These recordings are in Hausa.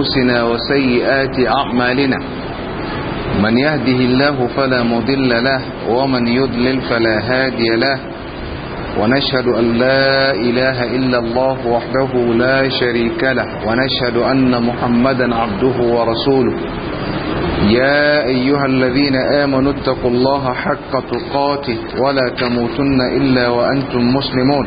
أنفسنا وسيئات أعمالنا من يهده الله فلا مضل له ومن يضلل فلا هادي له ونشهد أن لا إله إلا الله وحده لا شريك له ونشهد أن محمدا عبده ورسوله يا أيها الذين آمنوا اتقوا الله حق تقاته ولا تموتن إلا وأنتم مسلمون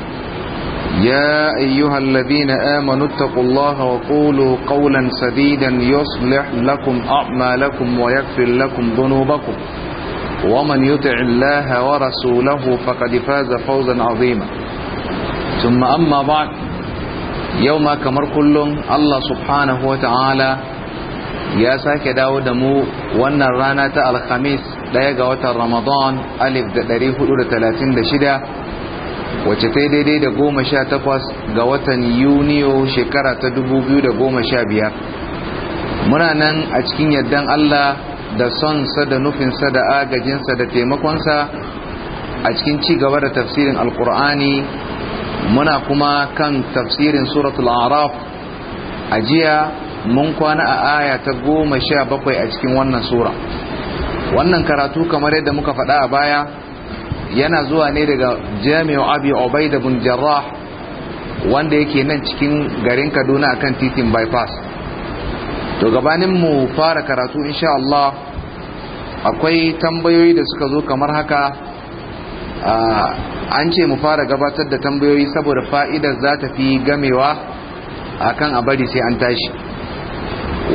يا أيها الذين آمنوا اتقوا الله وقولوا قولا سديدا يصلح لكم أعمالكم ويغفر لكم ذنوبكم ومن يطع الله ورسوله فقد فاز فوزا عظيما ثم أما بعد يوم كمر كل الله سبحانه وتعالى يا ساك داود مو وانا رانا الخميس لا يقوة رمضان ألف دريه 36 wacce ta yi daidai da goma sha takwas ga watan yuniyo shekara ta dubu biyu da goma sha biyar muna nan a cikin yardan allah da son sa da nufinsa da agajinsa da taimakonsa a cikin ci gaba da tafsirin alkur'ani muna kuma kan tafsirin suratul araf a jiya mun kwana a aya ta goma sha bakwai a cikin wannan sura wannan karatu kamar yadda muka faɗa a baya yana zuwa ne daga jami'u abi ubaida bin jarrah wanda yake nan cikin garin kaduna akan titin bypass to gabanin mu fara karatu insha Allah akwai tambayoyi da suka zo kamar haka an ce mu fara gabatar da tambayoyi saboda fa'idar za ta fi gamewa akan a bari sai an tashi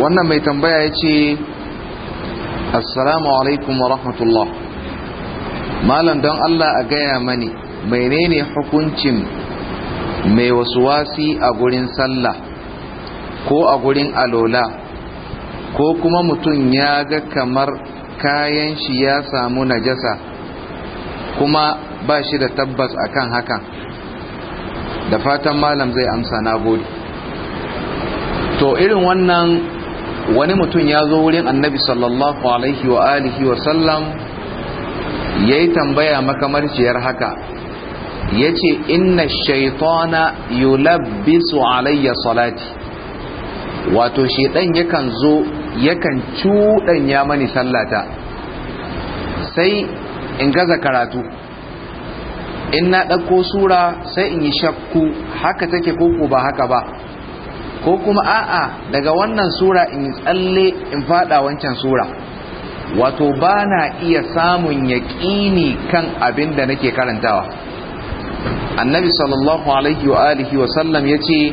wannan mai tambaya ya ce assalamu alaikum wa rahmatullah malam don Allah a gaya mani menene hukuncin mai wasu wasi a gurin sallah ko a gurin alola ko kuma mutum ya ga kamar kayan shi ya samu najasa kuma ba shi da tabbas akan hakan da fatan malam zai amsa na gode to irin wannan wani mutum ya zo wurin annabi sallallahu alaihi wa alihi wa sallam ya yi tambaya makamarciyar haka ya ce inna shaitana yulabbisu alayya salati wato shaitan yakan zo yakan cuɗanya mani sallata sai in gaza karatu in na ɗauko sura sai in yi shakku haka take koko ba haka ba ko kuma a'a daga wannan sura in tsalle in fada wancan sura wato ba na iya samun yaƙini kan abin da nake karantawa annabi sallallahu alaihi wa alihi wa sallam ya ce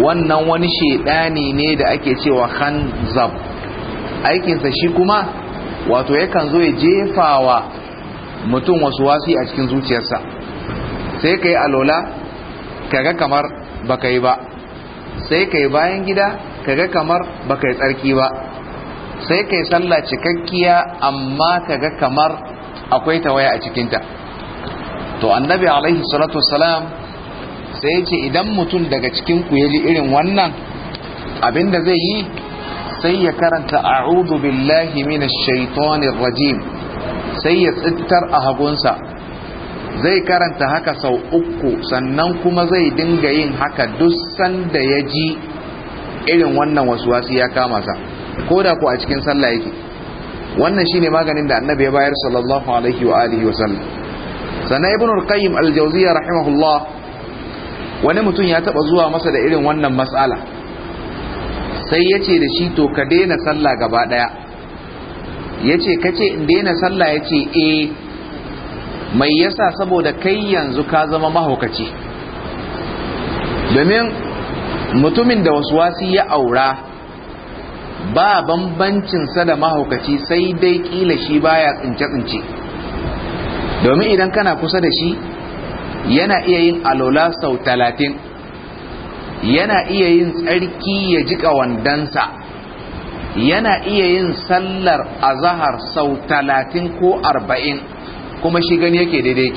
wannan wani shaidani ne da ake cewa khanzab aikinsa shi kuma wato yakan zo ya jefawa mutum wasu wasi a cikin zuciyarsa sai ka yi alola kaga kamar baka yi ba sai ka yi bayan gida kaga kamar baka yi tsarki ba sai kai sallah cikakkiya amma kaga kamar akwai ta waya a cikinta to annabi alaihi salatu wassalam sai ce idan mutum daga cikin ku ji irin wannan abinda zai yi sai ya karanta a'udhu billahi minash shaitanir rajim sai ya tsittar a hagunsa zai karanta haka sau uku sannan kuma zai dinga yin haka duk sanda ya ji irin wannan wasu wasu ya kama sa ko da ko a cikin sallah yake wannan shine maganin da annabi ya bayar sallallahu alaihi wa alihi wa sallam sannan ibn al-qayyim al-jawziyya rahimahullah wani mutum ya taba zuwa masa da irin wannan mas'ala sai yace da shi to ka daina sallah gaba daya yace kace in daina sallah yace eh mai yasa saboda kai yanzu ka zama mahaukaci domin mutumin da wasu wasi ya aura ba bambancin sa da mahaukaci sai dai kila shi baya tsince tsince domin idan kana kusa da shi yana iya yin alola sau talatin yana iya yin tsarki ya jika wandansa yana iya yin sallar azahar sau talatin ko arba'in kuma shi gani yake daidai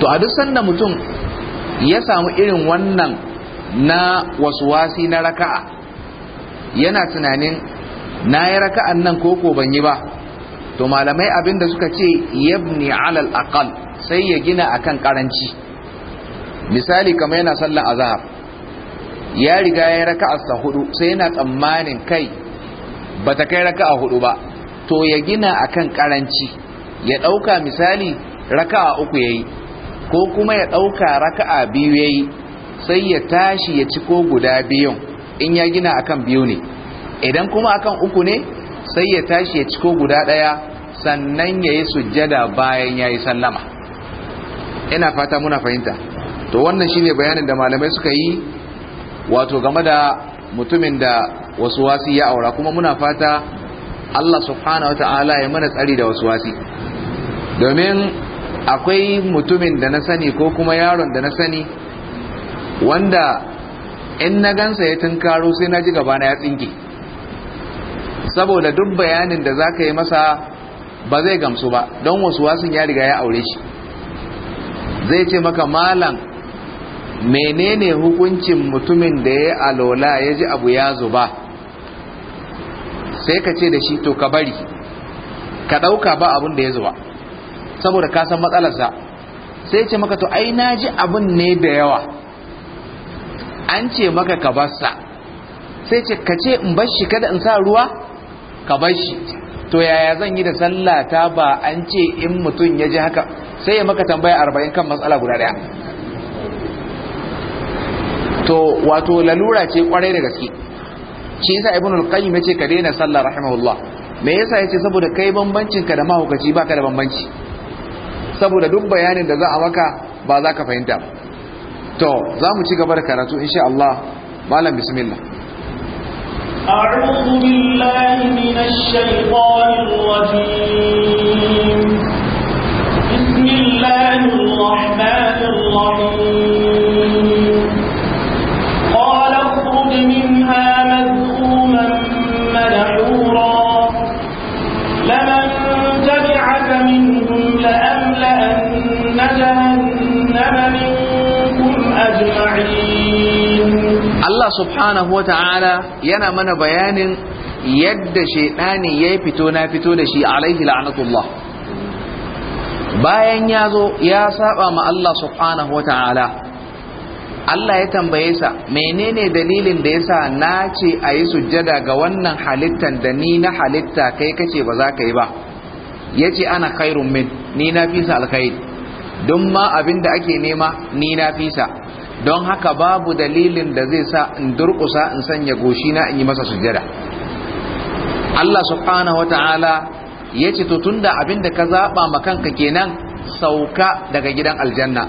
to a duk sanda mutum ya samu irin wannan na wasuwasi na raka'a yana tunanin na yi raka'an nan koko ban yi ba to malamai abin da suka ce yabni alal aqal sai ya gina akan karanci misali kamar yana sallan azhar ya riga ya raka'a sa hudu sai yana tsammanin kai bata kai raka'a hudu ba to ya gina akan karanci ya dauka misali raka'a uku yayi ko kuma ya dauka raka'a biyu yayi sai ya tashi ya ci ko guda biyun in ya gina akan biyu ne idan kuma akan uku ne sai ya tashi ya ciko guda ɗaya sannan ya yi sujjada bayan ya yi sallama ina fata muna fahimta to wannan shine bayanin da malamai suka yi wato game da mutumin da wasu wasi ya aura kuma muna fata Allah subhanahu wata'ala ya mana tsari da wasu wasi domin akwai mutumin da na sani ko kuma yaron da na sani wanda in na gansa ya tunkaro sai na ji gabana ya tsinke saboda duk bayanin da za ka yi masa ba zai gamsu ba don wasu wasun ya riga ya aure shi zai ce maka malam menene hukuncin mutumin da ya alola ya ji abu ya zuba sai ka ce da shi to ka bari ka ɗauka ba abin da ya zuba saboda ka matsalarsa sai ce maka to ai na ji abin ne da yawa an ce maka ka basa sai ce ka ce in bashi kada in sa ruwa ka bashi to yaya zan yi da sallata ba an ce in mutum ya ji haka sai ya maka tambaya arba'in kan matsala guda daya to wato lalura ce kwarai da gaske shi yasa ibn al-qayyim yace ka daina sallah rahimahullah me yasa yace saboda kai bambancin ka da mahaukaci baka da bambanci saboda duk bayanin da za a maka ba za ka fahimta to za mu ci gaba da karatu insha Allah malam bismillah أعوذ بالله من الشيطان الرجيم بسم الله الرحمن الرحيم Allah subhanahu wa ta'ala yana mana bayanin yadda shaidani ya fito na fito da shi alaihi la'anatullah bayan ya zo ya saba ma Allah subhanahu wa ta'ala Allah ya tambaye sa menene dalilin da yasa na ce a sujjada ga wannan halittan da ni na halitta kai kace ba za ka yi ba yace ana khairun min ni na fisa alkhair don ma abin da ake nema ni na fisa don haka babu dalilin da zai sa in durƙusa in sanya goshi na in yi masa sujada Allah subhanahu wata'ala ya ce to tunda abinda ka zaba ma kanka kenan sauka daga gidan aljanna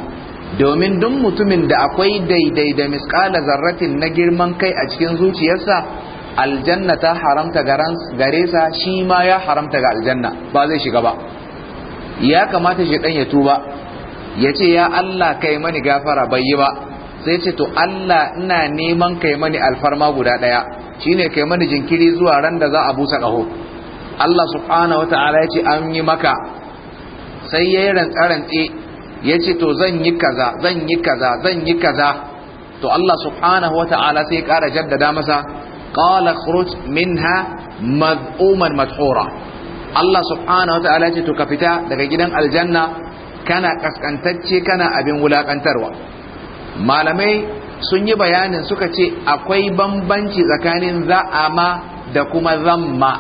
domin duk mutumin da akwai daidai da miskala zarratin na girman kai a cikin zuciyarsa aljanna ta haramta gare sa shi ma ya haramta ga aljanna ba zai shiga ba ya kamata shi dan ya tuba ya ce ya Allah kai mani gafara bai yi ba sai ce to Allah ina neman kai mani alfarma guda daya shine kai mani jinkiri zuwa ran da za a busa kaho Allah subhanahu wataala ya ce an yi maka sai yayi rantsarantse ya ce to zan yi kaza zan yi kaza zan yi kaza to Allah subhanahu wataala sai ya kara jaddada masa qala khruj minha mad'uman madhura Allah subhanahu wataala ya ce to ka fita daga gidan aljanna kana kaskantacce kana abin wulakantarwa malamai sun yi bayanin suka ce akwai bambanci tsakanin za'ama da kuma zamma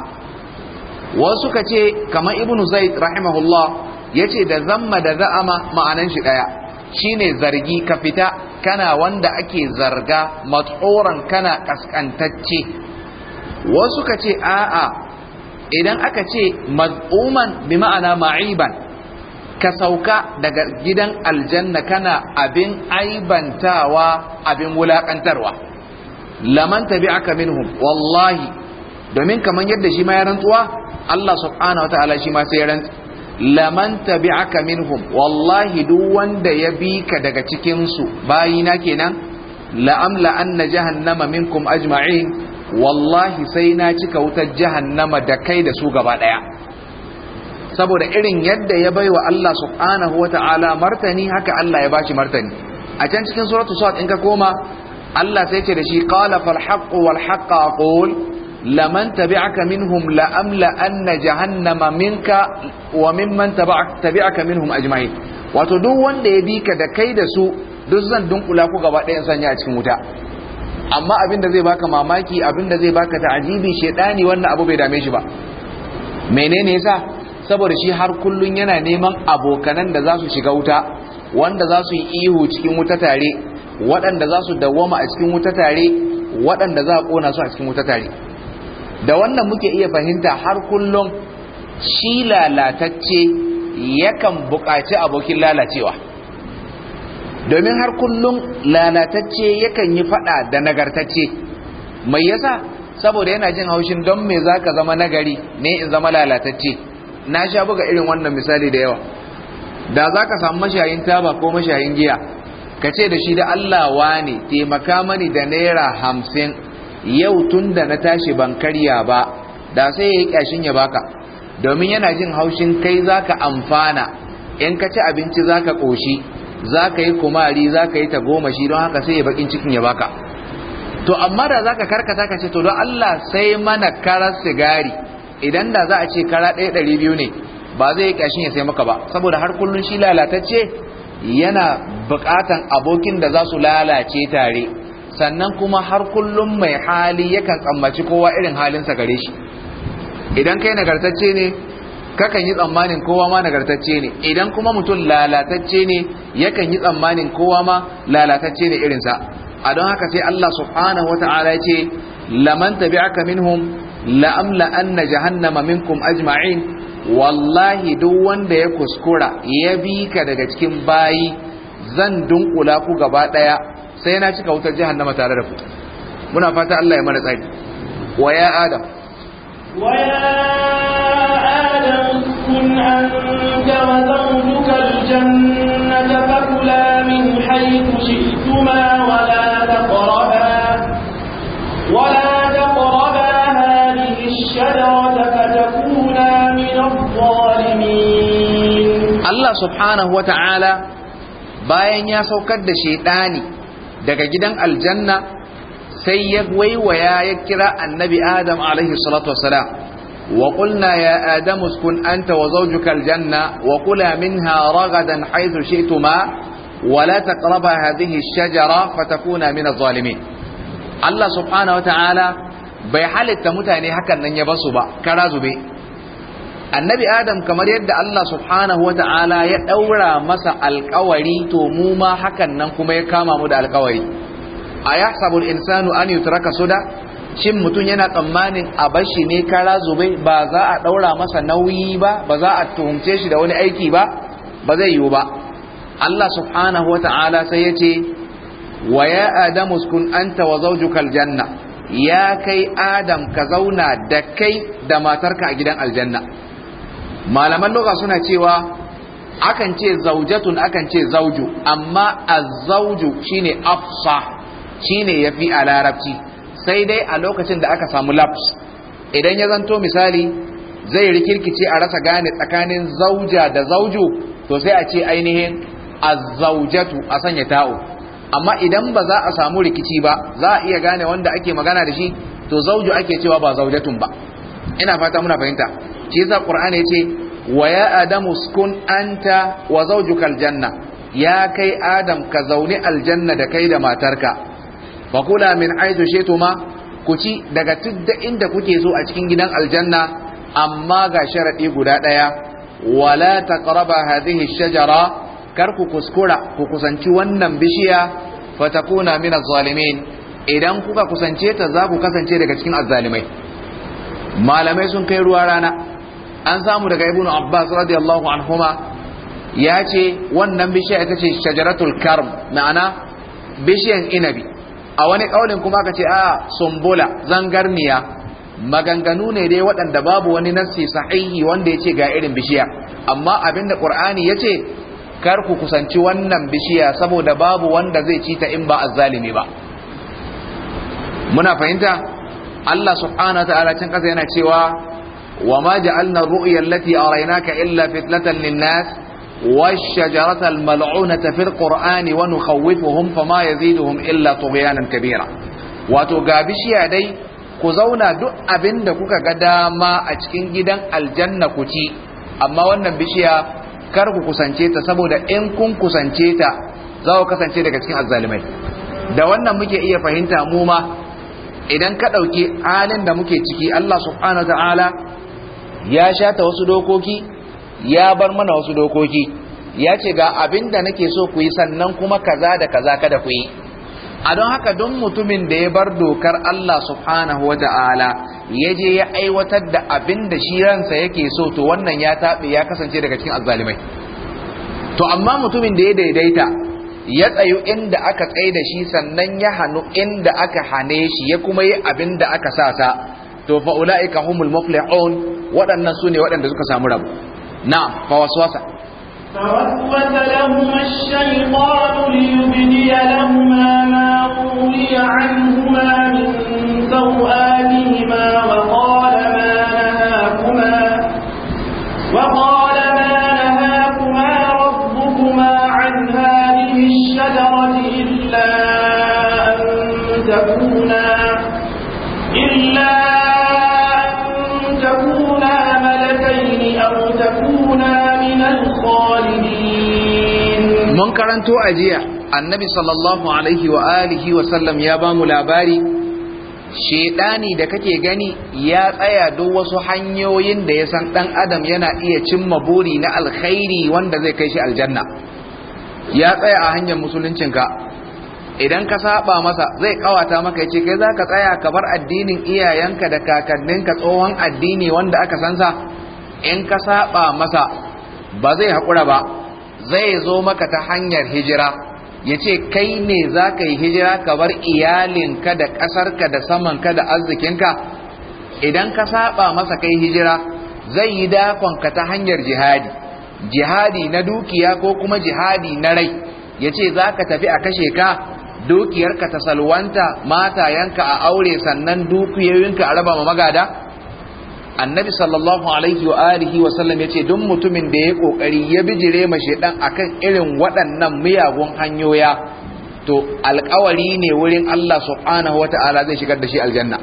wasu suka ce kamar ibnu zaid rahimahullah ce da zamma da za'ama ma'anan shi daya shine zargi ka fita kana wanda ake zarga matsoran kana kaskantacce wasu suka ce a'a idan aka ce maz'uman bi ma'ana ma'iban ka sauka daga gidan aljanna kana abin aibantawa abin wulakantarwa laman tabi'aka minhum wallahi domin kaman yadda shi ma ya rantsuwa Allah subhanahu wataala shi ma sai ya rantsu laman tabi'aka minhum wallahi duk wanda ya bi ka daga cikin su bayina kenan la'amla na jahannama minkum ajma'in wallahi sai na cika wutar jahannama da kai da su gaba ɗaya. saboda irin yadda ya baiwa Allah subhanahu wata'ala martani haka Allah ya bashi martani a can cikin suratul sad in ka koma Allah sai ce da shi qala fal haqqu wal haqqa aqul laman tabi'aka minhum la amla anna jahannama minka wa mimman tabi'aka minhum ajma'in wato duk wanda ya bi ka da kai da su duk zan dunkula ku gaba ɗaya sanya a cikin wuta amma abin da zai baka mamaki abin da zai baka ta'ajibi shedani wannan abu bai dame shi ba menene yasa saboda shi har kullun yana neman abokanan da za su shiga wuta wanda za su yi ihu cikin wuta tare waɗanda za su dawwama a cikin wuta tare waɗanda za a ƙona su a cikin wuta tare da wannan muke iya fahimta har kullum shi lalatacce yakan buƙaci abokin lalacewa domin har kullun lalatacce yakan yi faɗa da nagartacce mai yasa saboda yana jin haushin don me za ka zama nagari ne in zama lalatacce na sha buga irin wannan misali da yawa da za ka samu mashayin taba ko mashayin giya ka ce da shi da Allah wane taimaka mani da naira hamsin yau tun da na tashi ban karya ba da sai ya yi kyashin ya baka domin yana jin haushin kai za ka amfana in ka ci abinci za ka ƙoshi za ka yi kumari za ka yi tagomashi don haka sai ya bakin cikin ya baka to amma da za ka karkata ka ce to don Allah sai mana karar sigari idan da za a ce kara ɗaya ɗari biyu ne ba zai yi ƙashin ya sai maka ba saboda har kullum shi lalatacce yana buƙatan abokin da za su lalace tare sannan kuma har kullum mai hali yakan tsammaci kowa irin halinsa gare shi idan kai nagartacce ne kakan yi tsammanin kowa ma nagartacce ne idan kuma mutum lalatacce ne yakan yi tsammanin kowa ma lalatacce ne irinsa a don haka sai Allah subhanahu wata'ala ya ce laman tabi'aka minhum la'amla anna jahannama minkum ajma'in wallahi duk wanda ya kuskura ya bi ka daga cikin bayi zan dunƙula ku gaba ɗaya, sai na cika wutar jahannama tare da ku muna fata Allah ya mara tsari wa ya adam wa ya adam Allah subhanahu wata'ala bayan ya saukar da shaidani daga gidan aljanna sai ya waiwaya ya kira annabi Adam alaihi salatu wassalam wa qulna ya Adam uskun anta wa zawjuka aljanna wa kula minha ragadan haythu shi'tuma wa la taqrabu hadhihi ash-shajara fatakuna min adh-dhalimin Allah subhanahu wata'ala bai halitta mutane hakan nan ya basu ba kara zube annabi adam kamar yadda Allah subhanahu wa ta'ala ya ɗaura masa alkawari to mu ma hakan nan kuma ya kama mu da alkawari a ya insanu an yutraka suda shin mutum yana tsammanin a bashi ne kara zube ba za a ɗaura masa nauyi ba ba za a tuhumce shi da wani aiki ba ba zai yiwu ba Allah subhanahu wa ta'ala sai ya ce wa ya adamu kun anta wa zaujukal janna ya kai adam ka zauna da kai da matarka a gidan aljanna malaman lokaci suna cewa akan ce zaujatun akan ce zauju amma azauju shine afsa shine yafi a larabci sai dai a lokacin da aka samu laps idan ya zanto misali zai rikirkice a rasa gane tsakanin zauja da zauju to sai a ce ainihin azaujatu a sanya ta'o amma idan ba za a samu rikici ba za a iya gane wanda ake magana da shi to zauju ake cewa ba zaujatun ba ina fata muna fahimta shi yasa qur'ani yace wa ya adamu uskun anta wa zawjuka aljanna ya kai adam ka zauni aljanna da kai da matarka fa kula min aidu shaytuma ku ci daga tudda inda kuke so a cikin gidan aljanna amma ga sharadi guda daya wala taqraba hadhihi shajara kar ku kuskura ku kusanci wannan bishiya fatakuna min az-zalimin idan kuka kusance ta za ku kasance daga cikin azzalimai malamai sun kai ruwa rana an samu daga ibn abbas radiyallahu anhuma ya ce wannan bishiya ita ce shajaratul karm ma'ana bishiyan inabi a wani kaulin kuma aka ce a sumbula zangarniya maganganu ne dai waɗanda babu wani nassi sahihi wanda ya ce ga irin bishiya amma abin da qur'ani ya ce kar ku kusanci wannan bishiya saboda babu wanda zai ci ta in ba azzalimi ba muna fahimta Allah subhanahu wa ta'ala cin kasa yana cewa وما جعلنا الرؤيا التي أريناك إلا فتنة للناس والشجرة الملعونة في القرآن ونخوفهم فما يزيدهم إلا طغيانا كبيرا وتقابش يدي كزونا دؤ أبن دكوك قداما أجكين جدا الجنة كتي أما وانا بشيا كاركو كسانشيتا سبودا إن كن كسانشيتا زاو كسانشيتا كتكين الظالمين da wannan muke iya fahimta mu ma idan ka ɗauki halin da muke ciki Allah subhanahu wa ta'ala ya shata wasu dokoki ya bar mana wasu dokoki ya ce ga abin da nake so ku yi sannan kuma kaza da kaza kada ku yi a don haka don mutumin da ya bar dokar Allah subhanahu wa ta'ala ya je ya aiwatar da abin da shi ransa yake so to wannan ya taɓe ya kasance daga cikin azzalimai to amma mutumin da ya daidaita ya tsayu inda aka tsaye da shi sannan ya hannu inda aka hane shi ya kuma yi abin da aka sa sa to fa ulaika humul muflihun waɗannan sune waɗanda suka samu rabu na fa waswasa فوسوس لهما الشيطان ليبدي لهما ما قولي عنهما من سوآتهما وقال mun karanto a jiya annabi sallallahu alaihi wa alihi wa sallam ya ba mu labari shedani da kake gani ya tsaya duk wasu hanyoyin da ya san dan adam yana iya cimma buri na alkhairi wanda zai kai shi aljanna ya tsaya a hanyar musuluncin ka idan ka saba masa zai kawata maka yace kai zaka tsaya ka bar addinin iyayenka da kakanninka tsohon addini wanda aka sansa in ka saba masa ba zai haƙura ba zai zo maka ta hanyar hijira ya ce kai ne za ka yi hijira ka bar iyalinka da ƙasarka da samanka da arzikinka idan ka saba masa kai hijira zai yi dakonka ta hanyar jihadi jihadi na dukiya ko kuma jihadi na rai ya ce za ka tafi a kashe ka dukiyarka ta salwanta matayenka a aure sannan dukiyoyinka a raba ma magada annabi sallallahu alaihi wa alihi wa sallam yace duk mutumin da ya kokari ya bijire ma shedan akan irin waɗannan miyagun hanyoya to alƙawari ne wurin Allah subhanahu wata'ala zai shigar da shi aljanna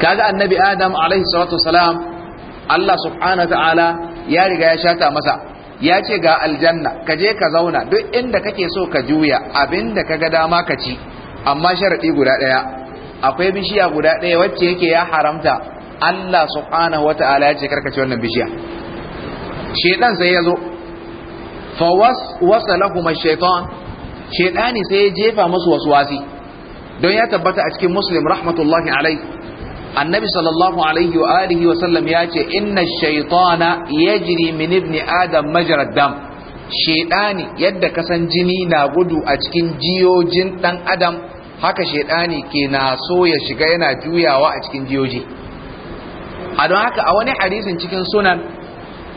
kaga annabi adam alaihi salatu wasalam Allah subhanahu wata'ala ya riga ya shata masa ya ce ga aljanna ka je ka zauna duk inda kake so ka juya abinda kaga dama ka ci amma sharadi guda ɗaya. akwai bishiya guda ɗaya wacce yake ya haramta Allah subhanahu wata'ala ya ce karkace wannan bishiya shedan sai ya zo fa waswasa lahum ash-shaytan shedani sai ya jefa musu waswasi don ya tabbata a cikin muslim rahmatullahi alai annabi sallallahu alaihi wa alihi wa sallam ya ce inna ash-shaytana yajri min ibni adam majra dam shedani yadda kasan jini na gudu a cikin jiyojin dan adam haka shedani ke na so ya shiga yana juyawa a cikin jiyoji a don haka a wani hadisin cikin sunan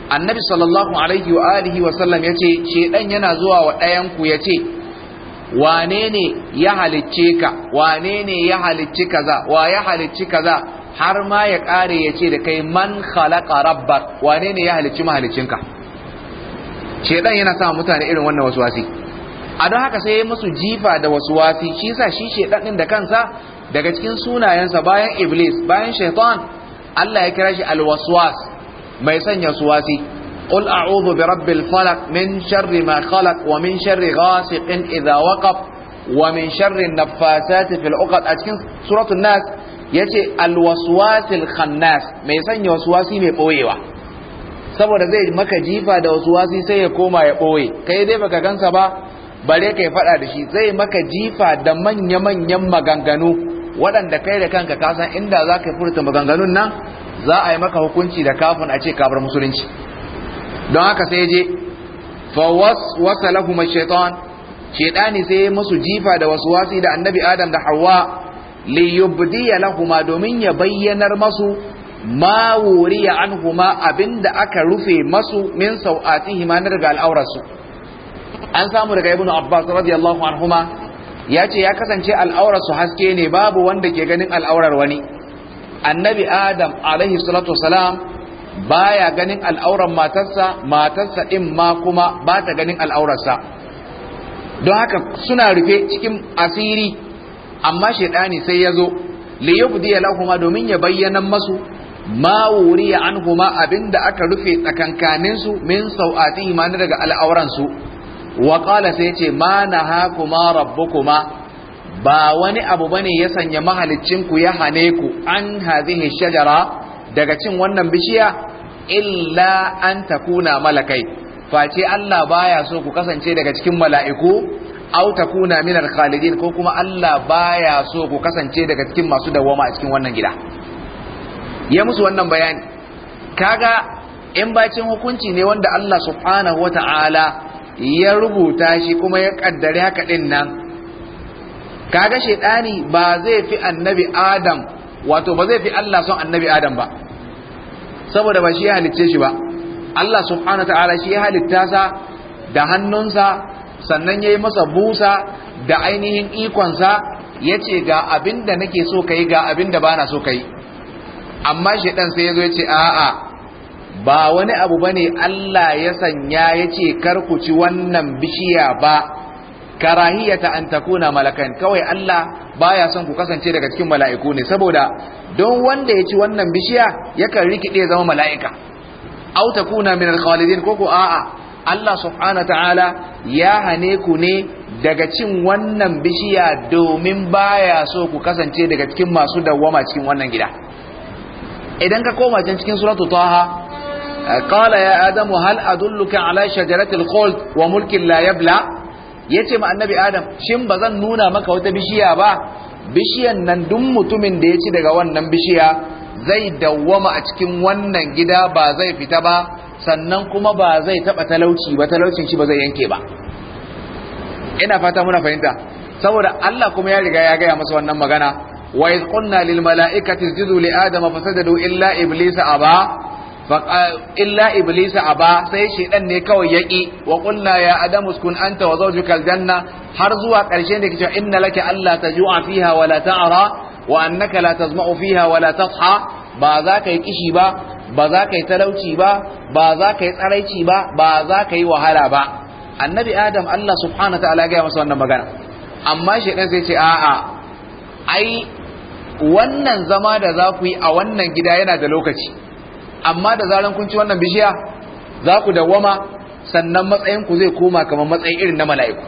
annabi sallallahu alaihi wa alihi wa sallam yace dan yana zuwa wa ɗayan ku yace wane ne ya halicce ka wane ne ya halicci kaza wa ya halicci kaza har ma ya kare yace da kai man khalaqa rabbak wane ne ya halicci mahaliccinka dan yana sa mutane irin wannan wasi. a don haka sai ya musu jifa da wasi, shi sa shi shedan din da kansa daga cikin sunayensa bayan iblis bayan shaitan Allah ya kira shi alwaswas mai sanya suwasi qul a'udhu bi rabbil falaq min sharri ma khalaq wa min sharri ghasiqin idha waqab wa min sharri naffasati fil 'uqad a cikin suratul nas yace alwaswasil khannas mai sanya waswasi mai boyewa saboda zai maka jifa da waswasi sai ya koma ya boye kai dai baka gansa ba bare kai fada da shi zai maka jifa da manya-manyan maganganu waɗanda kai da kanka ka san inda za ka furta maganganun nan za a yi maka hukunci da kafin a ce kafar musulunci don haka sai je fawaswasa lahuma shaitan shaitani sai musu jifa da wasu wasi da annabi adam da hawa li yubdiya lahuma domin ya bayyanar masu ma wuriya anhuma abinda aka rufe masu min sau'atihima na daga al'aurarsu an samu daga ibnu abbas radiyallahu anhuma ya ce ya kasance al'aurarsu haske ne babu wanda ke ganin al'aurar wani annabi adam alaihi salatu wasalam baya ganin al'aurar matarsa matarsa din ma kuma ba ta ganin al'aurarsa don haka suna rufe cikin asiri amma shaidani sai ya zo li ya lahuma domin ya bayyana masu ma wuriya anhuma abinda aka rufe tsakankaninsu min sau'ati imanin daga al'auransu wa sai yace ma rabbu kuma ba wani abu ba ne ya sanya mahaliccin ku ya hane ku an hadhihi shajara daga cin wannan bishiya illa an takuna malakai face Allah baya so ku kasance daga cikin mala'iku au takuna minar khalidin ko kuma Allah baya so ku kasance daga cikin masu dawoma a cikin wannan gida ya musu wannan bayani kaga in bacin hukunci ne wanda Allah subhanahu ta'ala. ya rubuta shi kuma ya kaddare haka din nan kaga shedani ba zai fi annabi adam wato ba zai fi Allah son annabi adam ba saboda ba shi ya halicce shi ba Allah subhanahu ta'ala shi ya halitta sa da hannunsa sannan ya yi masa busa da ainihin ikonsa yace ga abinda nake so kai ga abinda bana so kai amma shedan sai yazo yace a'a ba wani abu ba ne Allah ya sanya ya kar ku ci wannan bishiya ba karahiyata an takuna malakan kawai Allah baya son ku kasance daga cikin mala'iku ne saboda don wanda ya ci wannan bishiya yakan rikide zama mala'ika au takuna min al ko koko a'a Allah subhanahu ta'ala ya hane ku ne daga cin wannan bishiya domin baya so ku kasance daga cikin masu dawwama cikin wannan gida idan ka koma can cikin suratul taha قال ya adamu هل adulluka على shajaratil الخلد wa mulkin la yace ma annabi adam shin bazan nuna maka wata bishiya ba bishiyan nan duk mutumin da ya ci daga wannan bishiya zai dawwama a cikin wannan gida ba zai fita ba sannan kuma ba zai taba talauci ba talaucin shi ba zai yanke ba ina fata muna fahimta saboda Allah kuma ya riga ya gaya masa wannan magana wa iz qulna lil mala'ikati isjudu li adama fasajadu illa iblisa aba illa iblis aba sai shedan ne kawai yaki wa qulna ya adam uskun anta wa zawjuka aljanna har zuwa karshe da kace inna laka alla tajua fiha wa la ta'ra wa annaka la tazma'u fiha wa la tasha ba za ka yi kishi ba ba za ka yi talauci ba ba za ka yi tsaraici ba ba za ka yi wahala ba annabi adam Allah subhanahu wa ta'ala ya masa wannan magana amma shedan sai ce a'a ai wannan zama da za ku yi a wannan gida yana da lokaci amma da zaran kun ci wannan bishiya za ku dawwama sannan matsayin ku zai koma kamar matsayin irin na mala'iku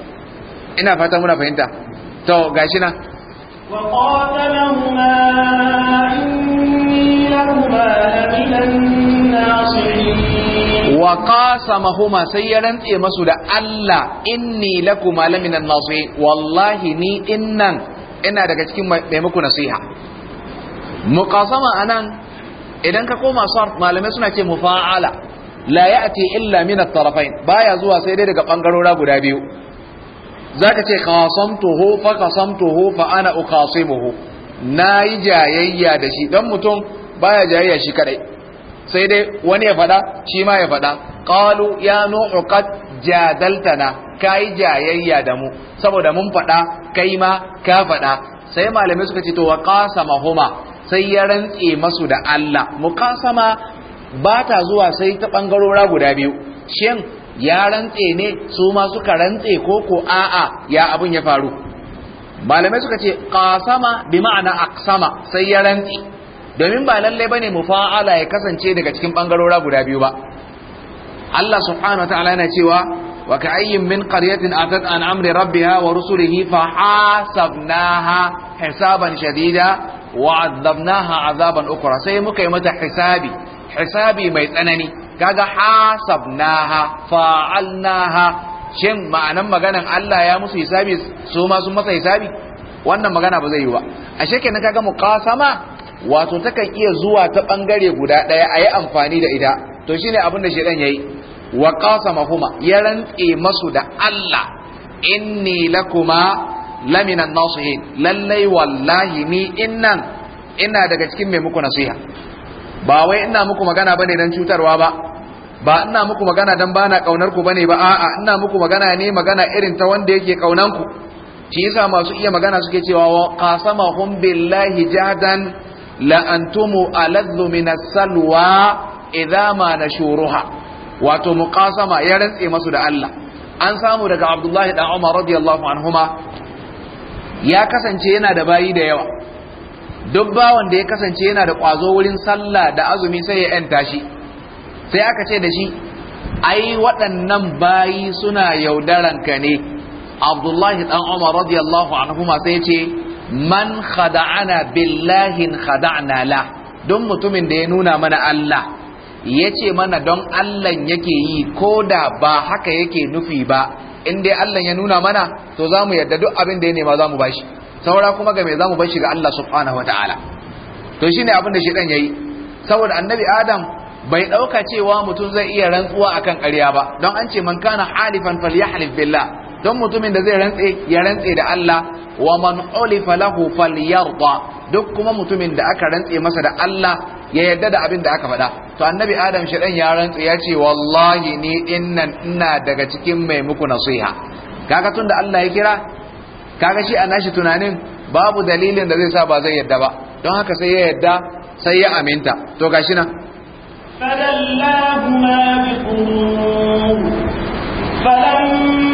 ina fata muna fahimta to gashi na wa qatalahuma inni lahum wa qasamahuma sai ya rantse masu da Allah inni lakum laminan nasihin wallahi ni innan ina daga cikin maimako nasiha muqasama anan idan ka koma sar malamai suna ce mufa'ala la ya'ti illa min at-tarafain baya zuwa sai dai daga bangarora guda biyu zaka ce qasamtuhu fa qasamtuhu fa ana uqasimuhu nayi jayayya da shi dan mutum baya jayayya shi kadai sai dai wani ya fada shi ma ya fada qalu ya nuhu qad jadaltana kai jayayya da mu saboda mun fada kai ma ka fada sai malamai suka ce to wa qasamahuma sai ya rantse masu da Allah mukasama ba ta zuwa sai ta bangarora guda biyu shin ya rantse ne su ma suka rantse ko ko a'a ya abun ya faru malamai suka ce qasama bi ma'ana aqsama sai ya rantse domin ba lalle bane mufa'ala ya kasance daga cikin bangarora guda biyu ba Allah subhanahu wataala yana cewa wa ka'ayyin min qaryatin atat an amri rabbiha wa rusulihi fa hasabnaha hisaban shadida wa azaban ukra sai muka yi mata hisabi hisabi mai tsanani kaga hasabnaha fa'alnaha shin ma'anan maganan Allah ya musu hisabi su ma sun masa hisabi wannan magana ba zai yi ba a shekenan kaga muqasama wato takan iya zuwa ta bangare guda daya ayi amfani da ita to shine abin da shedan yayi wa qasama huma ya rantse masu da Allah inni lakuma laminan nasihin lallai wallahi ni innan ina daga cikin mai muku nasiha ba wai ina muku magana bane dan cutarwa ba ba ina muku magana dan bana kaunar ku bane ba a'a ina muku magana ne magana irin ta wanda yake kaunan ku shi yasa masu iya magana suke cewa wa qasamahum billahi jahdan la antumu aladdu min as-salwa idza ma nashuruha wato muqasama ya rantse masu da Allah an samu daga Abdullahi dan Umar radiyallahu anhuma ya kasance yana da bayi da yawa duk bawan da ya kasance yana da ƙwazo wurin sallah da azumi sai ya ‘yanta shi sai aka ce da shi ai waɗannan bayi suna yaudaranka ne abdullahi ɗan umar radiyallahu anhu ma sai ce man khada'ana billahi khada'na la don mutumin da ya nuna mana Allah ya ce mana don Allah yake yi ko da ba haka yake nufi ba in dai Allah ya nuna mana to za mu yadda duk abin da ya nema za mu bashi saura kuma ga me za mu bashi ga Allah subhanahu wa ta'ala to shi ne abin da shi dan yayi. saboda annabi adam bai ɗauka cewa mutum zai iya rantsuwa akan ƙarya ba don an ce man kana halifan falyahlif billah don mutumin da zai rantse ya rantse da Allah wa man ulifa lahu falyarda duk kuma mutumin da aka rantse masa da Allah ya yarda da abin da aka faɗa to annabi adam shedan ya rantse ya ce wallahi ni innan ina daga cikin mai muku nasiha kaga tun da Allah ya kira kaga shi a nashi tunanin babu dalilin da zai sa ba zai yarda ba don haka sai ya yarda sai ya aminta to gashi nan فدلاهما فلما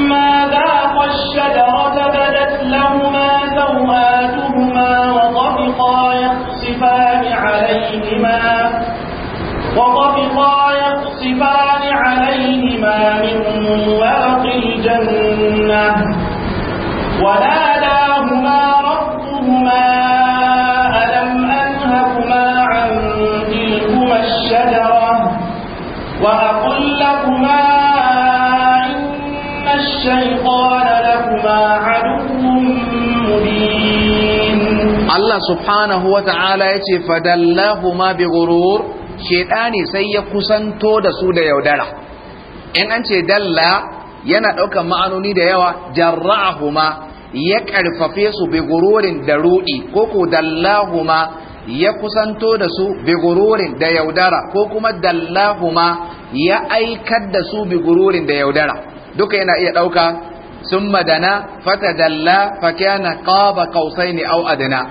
فذاقا الشجرة بدت لهما سوآتهما وطفقا يقصفان عليهما من ورق الجنة وناداهما ربهما ألم أنهكما عن تلكما الشجرة وأقل لكما إن الشيطان Wa Allah ce fadallahu ma bi gurur shedani sai ya kusanto da su da yaudara in an ce dalla yana ɗaukar ma'anoni da yawa ma ya ƙarfafesu su bi gururin da ruɗi ko ko dallahuma ya kusanto da su bi gururin da yaudara ko kuma dallahuma ya aikar da su bi gururin da yaudara duka yana iya ɗauka summa fata fatadalla fa kana qaba qausaini aw adna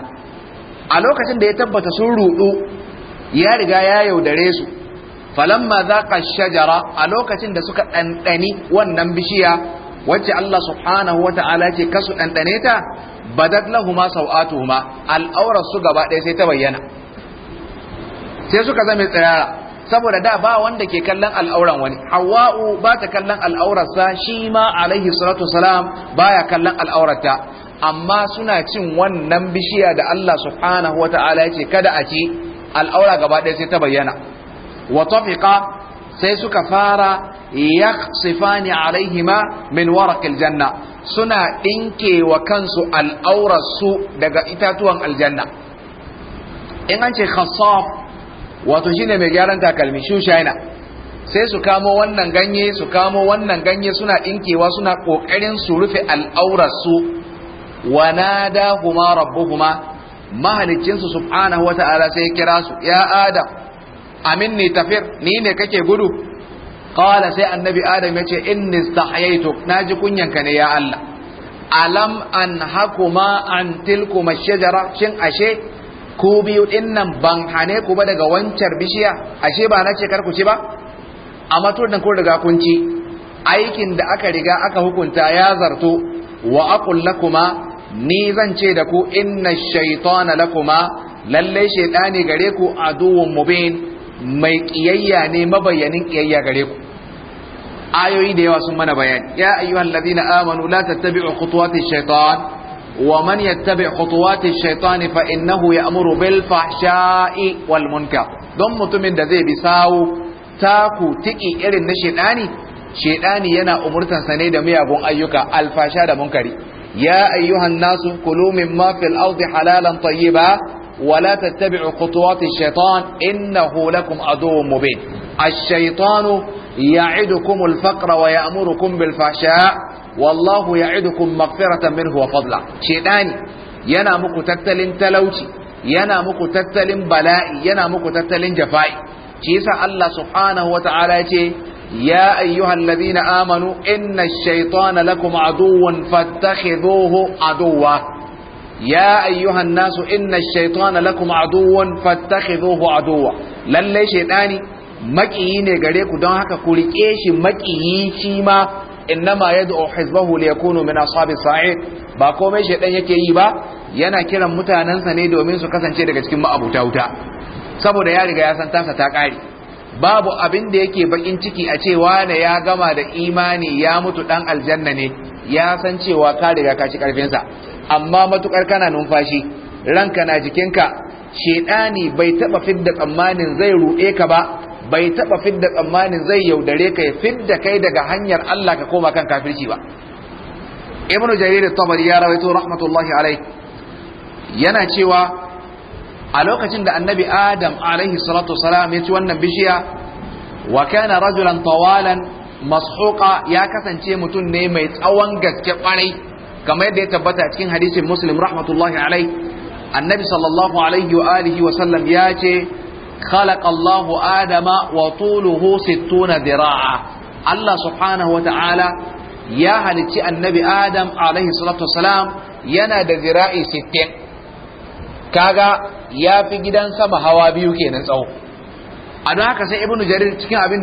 a lokacin da ya tabbata sun rudu ya riga ya yaudare su falamma zaqa shajara a lokacin da suka dandani wannan bishiya wacce Allah subhanahu wata'ala ce kasu dandane ta badat lahumu sau'atuhuma al'aurar su gaba ɗaya sai ta bayyana sai suka zame tsirara saboda da ba wanda ke kallon al'auran wani hawa'u ba ta kallon al'aurarsa shi ma alaihi salatu salam baya kallon al'aurarta amma suna cin wannan bishiya da Allah subhanahu ta'ala ya ce kada a ci al'aura gaba ɗaya sai ta bayyana wa tafiqa sai suka fara yaqsifani alaihima min waraqil janna suna dinke wa kansu al'aurarsu daga itatuwan aljanna in an ce khasaf wato shine mai gyaran takalmi shu shaina sai su kamo wannan ganye su kamo wannan ganye suna dinkewa suna kokarin su rufe al'aurar su wanadahuma rabbuhuma mahalicin su subhanahu wata'ala sai kira su ya adam ni tafir ni ne kake gudu qala sai annabi adam yace inni istahyaytu naji kunyanka ne ya Allah alam anhakuma an tilkuma shajara shin ashe ku biyu din nan ban hane ku ba daga wancan bishiya ashe ba na ce kar ku ci ba amma to dan ku riga kun ci aikin da aka riga aka hukunta ya zarto wa aqul lakuma ni zan ce da ku inna shaytana lakuma lalle shaytani gare ku aduwwun mubin mai kiyayya ne mabayanin kiyayya gare ku ayoyi da yawa sun mana bayani ya ayyuhal ladina amanu la tattabi'u khutuwati shaytan ومن يتبع خطوات الشيطان فإنه يأمر بالفحشاء والمنكر don mutumin da zai bi sawo taku tiki irin na shedani shedani yana umurtan sa ne da miyagun ayyuka alfasha da munkari ya ayyuhan nasu kulu mimma fil ardi halalan tayyiba wa la tattabi'u khutuwati shaytan innahu lakum aduwwun mubin ash-shaytanu ya'idukum al-faqra wa ya'murukum bil fahsha' wallahu ya ya'idukum maghfiratan minhu wa fadla shedani yana muku tattalin talauci yana muku tattalin bala'i yana muku tattalin jafa'i shi Allah subhanahu wa ta'ala yace ya ayyuhalladhina amanu inna ash-shaytana lakum aduwwan fattakhidhuhu aduwwa يا أيها الناس إن الشيطان لكم عدوا فاتخذوه عدوا للي شيطاني makiyi ne gare ku don haka ku riƙe shi makiyi shi ma innama yad'u hizbahu liyakunu min ashabis sa'id ba komai shedan yake yi ba yana kiran mutanansa ne domin su kasance daga cikin ma'abuta wuta saboda ya riga ya san tasa ta kare babu abin da yake bakin ciki a cewa ne ya gama da imani ya mutu dan aljanna ne ya san cewa ka riga ka ci karfin sa amma matukar kana numfashi ranka na jikinka shedani bai taba fidda tsammanin zai ruɗe ka ba bai taba fidda tsammanin zai yaudare ka ya fidda kai daga hanyar Allah ka koma kan kafirci ba ibnu jarir at-tabari ya rawaito rahmatullahi alaihi yana cewa a lokacin da annabi adam alayhi salatu wasalam ya ci wannan bishiya wa kana rajulan tawalan mashuqa ya kasance mutum ne mai tsawon gaske kwarai kamar yadda ya tabbata a cikin hadisin muslim rahmatullahi alaihi annabi sallallahu alaihi wa alihi wa sallam ya ce خلق الله آدم وطوله ستون ذراعا الله سبحانه وتعالى يا هلتي النبي آدم عليه الصلاة والسلام ينا ذراع ستين كاغا يا في جدان سما هوا بيوكي kenan أنا a don haka sai ibnu jarir cikin abin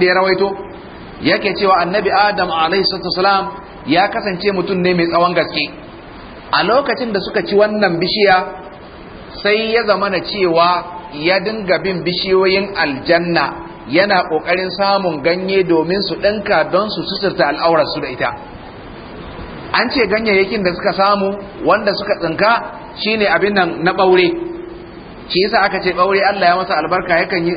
yake cewa annabi adam alaihi salatu wasalam ya kasance mutum ne mai tsawon gaske a lokacin da suka ci wannan bishiya sai ya zamana cewa ya dinga bin bishiyoyin aljanna yana ƙoƙarin samun ganye domin su ɗinka don su suturta al'aurarsu da ita an ce ganyayyakin da suka samu wanda suka tsinka shine abin nan na ɓaure shi yasa aka ce ɓaure Allah ya masa albarka yakan yi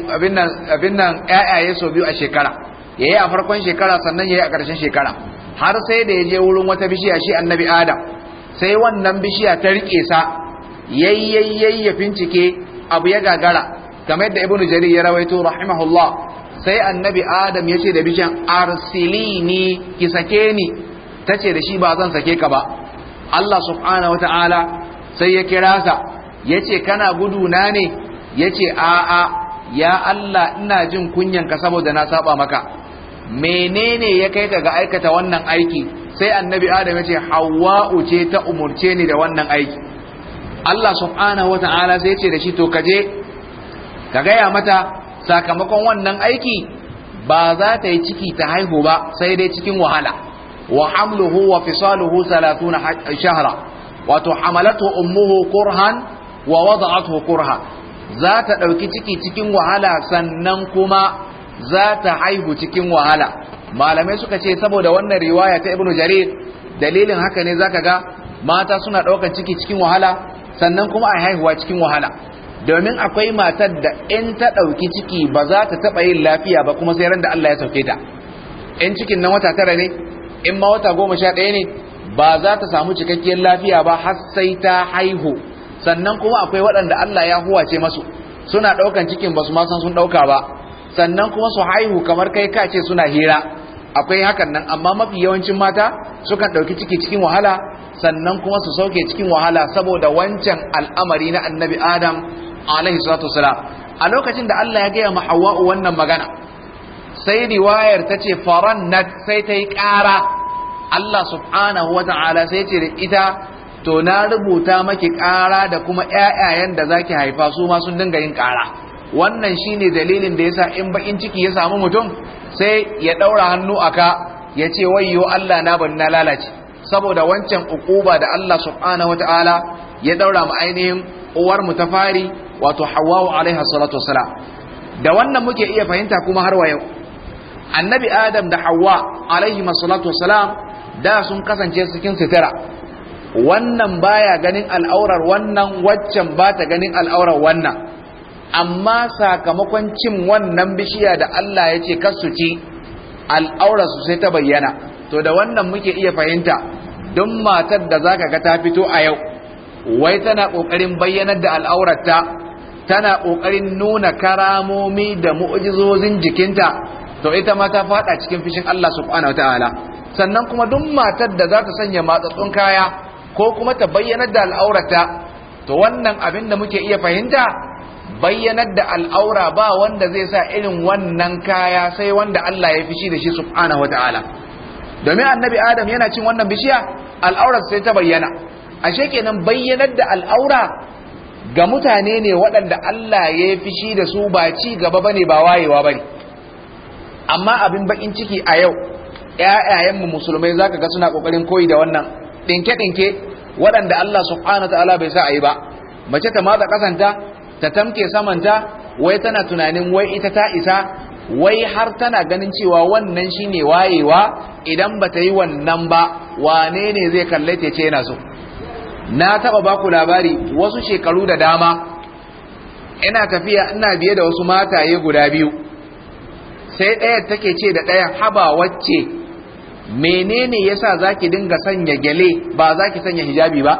abin nan ƴaƴaye sau biyu a shekara yayi a farkon shekara sannan yayi a ƙarshen shekara har sai da ya je wurin wata bishiya shi annabi Adam sai wannan bishiya ta rike sa yayyayyayya fincike. abu ya gagara game da ibnu jarir ya rawaito rahimahullah sai annabi adam ya ce da bishan arsilini ki sake ni ta da shi ba zan sake ka ba Allah subhanahu wa sai ya kira sa ya ce kana gudu na ne ya ce a'a ya Allah ina jin kunyan ka saboda na saba maka menene ya kai ka ga aikata wannan aiki sai annabi adam ya ce hawa'u ce ta umurce ni da wannan aiki Allah subhanahu wa ta'ala sai ce da shi to kaje ka gaya mata sakamakon wannan aiki ba za ta yi ciki ta haihu ba sai dai cikin wahala wa hamluhu wa fisaluhu 30 shahra wato hamalatu ummuhu kurhan wa wada'atuhu qurha za ta dauki ciki cikin wahala sannan kuma za ta haihu cikin wahala malamai suka ce saboda wannan riwaya ta ibnu jarir dalilin haka ne zaka ga mata suna ɗaukar ciki cikin wahala sannan kuma a haihuwa cikin wahala domin akwai matar da in ta ɗauki ciki ba za ta taɓa yin lafiya ba kuma sai ran da Allah ya sauke ta in cikin nan wata tara ne in ma wata goma sha ɗaya ne ba za ta samu cikakkiyar lafiya ba har sai ta haihu sannan kuma akwai waɗanda Allah ya huwace masu suna ɗaukan cikin ba su ma san sun ɗauka ba sannan kuma su haihu kamar kai ka ce suna hira akwai hakan nan amma mafi yawancin mata sukan ɗauki ciki cikin wahala sannan kuma su sauke cikin wahala saboda wancan al'amari na annabi adam alaihi salatu wasalam a lokacin da Allah ya gaya ma wannan magana sai riwayar ta ce na sai ta yi ƙara Allah subhanahu wa ta'ala sai ce da ita to na rubuta maki ƙara da kuma ƴaƴayen da zaki haifa su ma sun dinga yin ƙara wannan shine dalilin da yasa in bakin ciki ya samu mutum sai ya ɗaura hannu aka ya ce wayyo Allah na ban na lalace saboda wancan ukuba da Allah subhanahu wataala ya daura mu ainihin uwar mu ta fari wato Hawwa'u alaiha salatu da wannan muke iya fahimta kuma har wa yau annabi Adam da Hauwa alaihi salatu wassalam da sun kasance cikin sitira wannan baya ganin al'aurar wannan waccan ba ta ganin al'aurar wannan amma sakamakon cin wannan bishiya da Allah ya ce kasu ci su sai ta bayyana to da wannan muke iya fahimta don matar da zaka ga ta fito a yau wai tana ƙoƙarin bayyanar da al'aurarta tana ƙoƙarin nuna karamomi da mu'ujizozin jikinta to ita ma ta faɗa cikin fishin Allah subhanahu sannan kuma duk matar da za ta sanya matsatsun kaya ko kuma ta bayyanar da al'aurarta to wannan abin da muke iya fahimta bayyanar da al'aura ba wanda zai sa irin wannan kaya sai wanda Allah ya fishi da shi subhanahu domin annabi adam yana cin wannan bishiya al'aurar sai ta bayyana ashe kenan bayyanar da al'aura ga mutane ne waɗanda Allah ya fi shi da su ba ci gaba bane ba wayewa bane amma abin bakin ciki a yau mu musulmai zaka ga suna kokarin koyi da wannan dinke dinke waɗanda Allah subhanahu ta'ala bai sa a yi ba mace ta matsa kasanta ta tamke samanta wai tana tunanin wai ita ta isa wai har tana ganin cewa wannan shine wayewa idan bata yi wannan ba wane ne zai kalle ta ce yana so na taba baku labari wasu shekaru da dama ina tafiya ina biye da wasu mataye guda biyu sai ɗaya take ce da ɗaya haba wacce menene yasa ki dinga sanya gele ba zaki sanya hijabi ba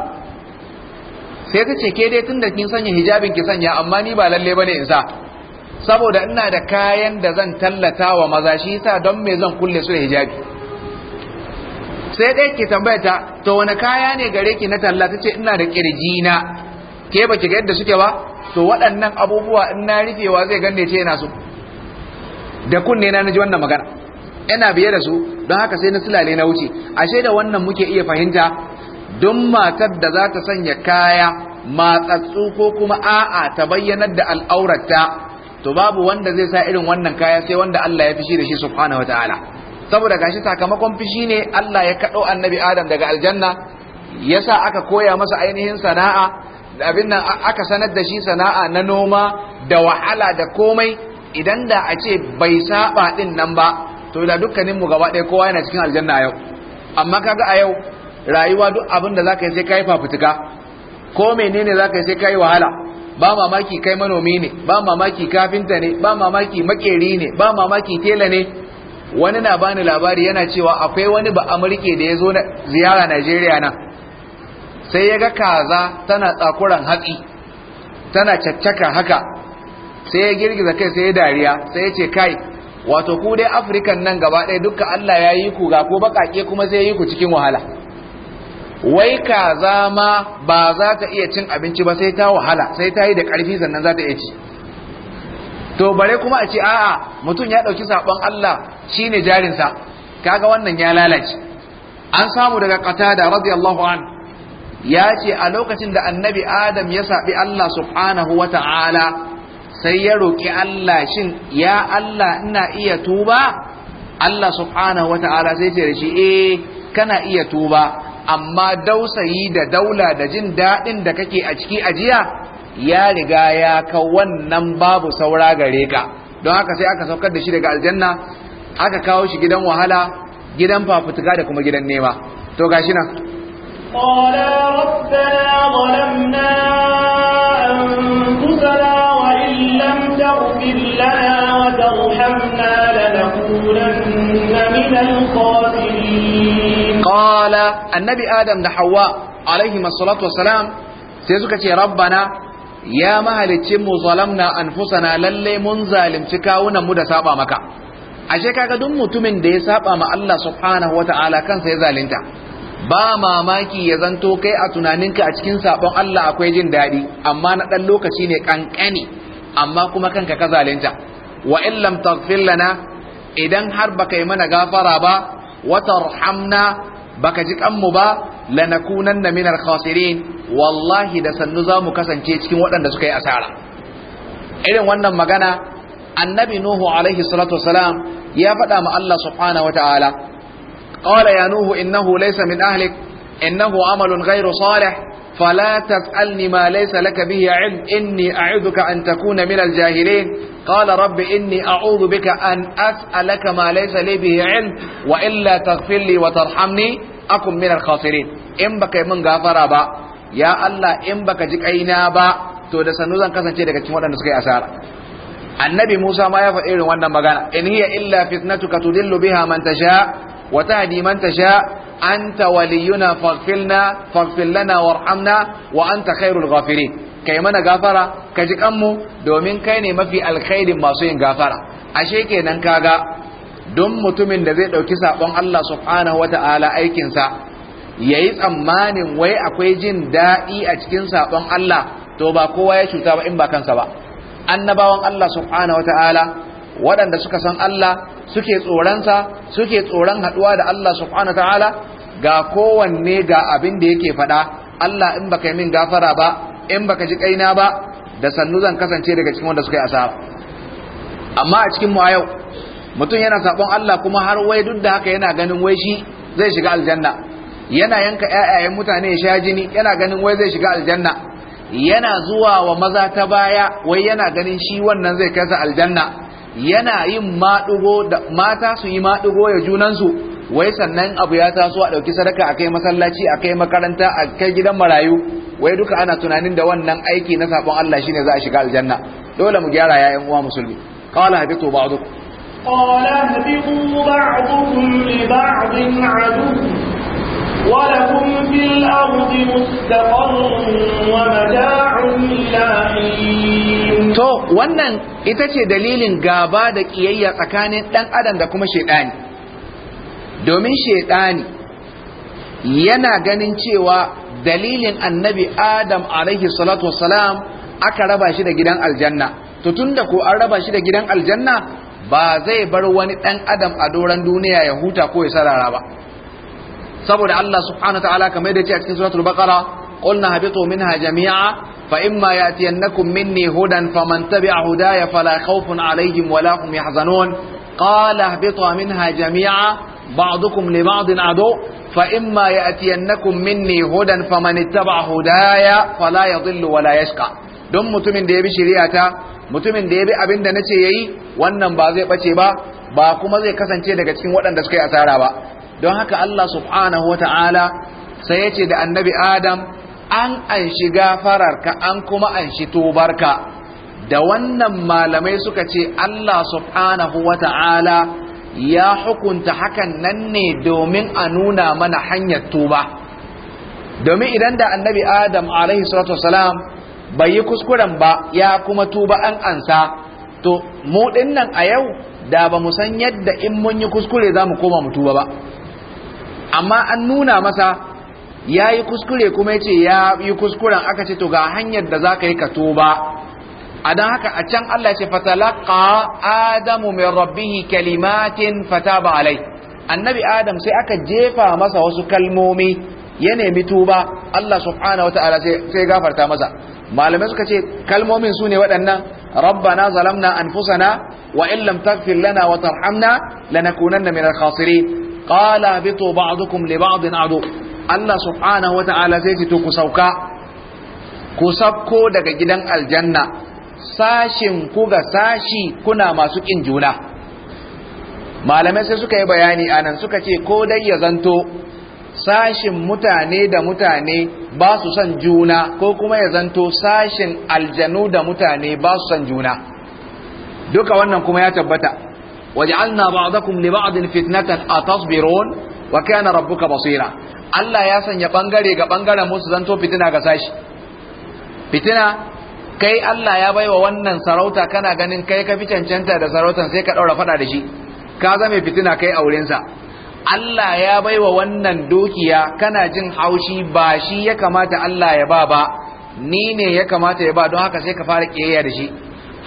sai ta ce ke dai tunda kin sanya hijabin ki sanya amma ni ba lalle bane in sa saboda ina da kayan da zan tallata wa maza shi yasa don me zan kulle su da hijabi sai dai ke tambaya ta to wani kaya ne gare ki na talla ce ina da kirji na ke ba ki ga yadda suke ba to waɗannan abubuwa in na rufewa zai gande ce yana su da kunne na naji wannan magana ina biye da su don haka sai na sulale na wuce ashe da wannan muke iya fahimta Don matar da za ta sanya kaya matsatsu ko kuma a'a ta bayyanar da al'aurata to babu wanda zai sa irin wannan kaya sai wanda Allah ya fishi da shi subhanahu wataala saboda gashi sakamakon fishi ne Allah ya kado annabi Adam daga aljanna yasa aka koya masa ainihin sana'a abin nan aka sanar da shi sana'a na noma da wahala da komai idan da a ce bai saba din nan ba to da mu gaba ɗaya kowa yana cikin aljanna yau amma kaga a yau rayuwa duk abin da zaka yi sai kai fafutuka ko menene zaka yi sai kai wahala ba mamaki kai manomi ne ba mamaki kafinta ne ba mamaki makeri ne ba mamaki tela ne wani na bani labari yana cewa akwai wani ba amurke da ya zo ziyara najeriya nan sai ya ga kaza tana tsakuran hatsi tana caccaka haka sai ya girgiza kai sai ya dariya sai ya ce kai wato ku dai afirkan nan gaba ɗaya dukka allah ya yi ku ga ko baƙaƙe kuma sai ya yi ku cikin wahala wai kazama ma ba za ta iya cin abinci ba sai ta wahala sai ta yi da ƙarfi sannan za ta iya ci to bare kuma a ce a'a mutum ya ɗauki saɓon Allah shi ne jarinsa kaga wannan ya lalace an samu daga qatada radiyallahu an ya ce a lokacin da annabi adam ya saɓi Allah subhanahu wa ta'ala sai ya roƙi Allah shin ya Allah ina iya tuba Allah subhanahu wa ta'ala sai ce da shi eh kana iya tuba amma dausayi da daula da jin daɗin da kake a ciki ajiya ya riga ya ka wannan babu saura gare ka don haka sai aka saukar da shi daga aljanna aka kawo shi gidan wahala gidan fafutuka da kuma gidan nema to gashi nan تغفر لنا وترحمنا لنكونن من الخاسرين قال النبي آدم da عليهما الصلاة والسلام wassalam sai suka ce rabbana ya mahalicci mu zalamna anfusana lallai mun zalunci kawunan mu da saɓa maka ashe kaga duk mutumin da ya saba ma Allah subhanahu ta'ala kansa ya zalunta ba mamaki ya zanto kai a tunaninka a cikin sabon Allah akwai jin daɗi amma na ɗan lokaci ne ƙanƙani amma kuma kanka ka zalunta wa in lam taghfir lana idan har baka yi mana gafara ba wa tarhamna baka ji kanmu ba lanakunanna minal khasirin wallahi da sannu za mu kasance cikin waɗanda suka yi asara irin wannan magana annabi nuhu alaihi salatu wasalam ya faɗa ma Allah subhanahu wataala qala ya nuhu innahu laysa min ahlik innahu amalun ghairu salih فلا تسألني ما ليس لك به علم إني أعوذك أن تكون من الجاهلين قال رب إني أعوذ بك أن أسألك ما ليس لي به علم وإلا تغفر لي وترحمني أكن من الخاسرين إن بك من غفر با يا الله إن بك جك أينا با to da sannu zan kasance daga cikin waɗanda suka yi asara annabi Musa ma ya faɗi irin wannan magana in hiya illa fitnatuka tudillu biha man tasha wa tahdi man tasha anta waliyuna faghfirna faghfir lana warhamna wa anta khairul ghafirin kai mana gafara ka ji kanmu domin kai ne mafi alkhairin masu yin gafara ashe kenan kaga don mutumin da zai dauki sabon Allah subhanahu wata'ala aikin sa yayi tsammanin wai akwai jin dadi a cikin sabon Allah to ba kowa ya cuta ba in ba kansa ba annabawan Allah subhanahu wata'ala waɗanda suka san Allah suke tsoronsa suke tsoron haɗuwa da Allah subhanahu ta'ala ga kowanne ga abin da yake faɗa Allah in baka yi min gafara ba in baka ji kaina ba da sannu zan kasance daga cikin wanda suka yi asara amma a cikin mu a yau mutum yana sabon Allah kuma har wai duk da haka yana ganin wai shi zai shiga aljanna yana yanka ƴaƴayen mutane ya sha jini yana ganin wai zai shiga aljanna yana zuwa wa maza ta baya wai yana ganin shi wannan zai kai sa aljanna yana yin maɗugo da mata su yi maɗugo ya junansu wai sannan abu ya taso a ɗauki sadaka a kai masallaci a kai makaranta a kai gidan marayu wai duka ana tunanin da wannan aiki na sabon Allah shine za a shiga aljanna dole mu gyara ya uwa musulmi qala habitu ba'dukum qala habitu ba'dukum li ba'din adu ولكم في الأرض مستقر ومتاع إلى حين to wannan ita ce dalilin gaba da kiyayya tsakanin dan adam da kuma shedani domin shedani yana ganin cewa dalilin annabi adam alaihi salatu wassalam aka raba shi da gidan aljanna to tunda ko an raba shi da gidan aljanna ba zai bar wani ɗan adam a doron duniya ya huta ko ya sarara ba saboda Allah subhanahu ta'ala kamar da ce a cikin suratul baqara قلنا هبطوا منها جميعا فإما يأتينكم مني هدى فمن تبع هداي فلا خوف عليهم ولا هم يحزنون قال اهبطوا منها جميعا بعضكم لبعض عدو فإما يأتينكم مني هدى فمن اتبع هداي فلا يضل ولا يشقى don mutumin da ya bi shari'ata mutumin da ya bi abin da nace yayi wannan ba zai bace ba ba kuma zai kasance daga cikin waɗanda suka yi asara ba don haka Allah subhanahu sai ya ce da annabi Adam an anshi gafararka an kuma anshi tubarka da wannan malamai suka ce Allah subhanahu wa ta'ala ya hukunta hakan nan ne domin a nuna mana hanyar tuba domin idan da annabi adam alaihi salatu wasalam bai yi kuskuren ba ya kuma tuba an ansa to mu nan a yau da ba mu san yadda in mun yi kuskure za mu koma mu tuba ba amma an nuna masa ya yi kuskure kuma ya ce ya yi kuskuren aka ce to ga hanyar da za ka yi ka tuba a don haka a can Allah ce fatalaka adamu mai rabbihi kalimatin fata alai annabi adam sai aka jefa masa wasu kalmomi ya nemi tuba Allah subhanahu sai gafarta masa malamai suka ce kalmomin su ne waɗannan rabbana zalamna anfusana wa in lam taghfir lana wa tarhamna lanakunanna minal khasirin qala bitu ba'dukum li ba'din adu Allah subhanahu wa ta'ala zai fito to ku sauka ku sauko daga gidan aljanna sashin ku ga sashi kuna masu kin juna malamai sai suka yi bayani anan suka ce ko dai ya zanto sashin mutane da mutane ba su son juna ko kuma ya zanto sashin aljanu da mutane ba su son juna duka wannan kuma ya tabbata waj'alna ba'dakum li ba'din fitnatan atasbirun wa kana rabbuka basira Allah ya sanya bangare ga bangaren musu zanto fitina ga sashi fitina kai Allah ya baiwa wannan sarauta kana ganin kai ka fi cancanta da sarautan sai ka daura fada da shi ka zame fitina kai aurensa Allah ya baiwa wannan dukiya kana jin haushi ba shi ya kamata Allah ya ba ba ni ne ya kamata ya ba don haka sai ka fara kiyayya da shi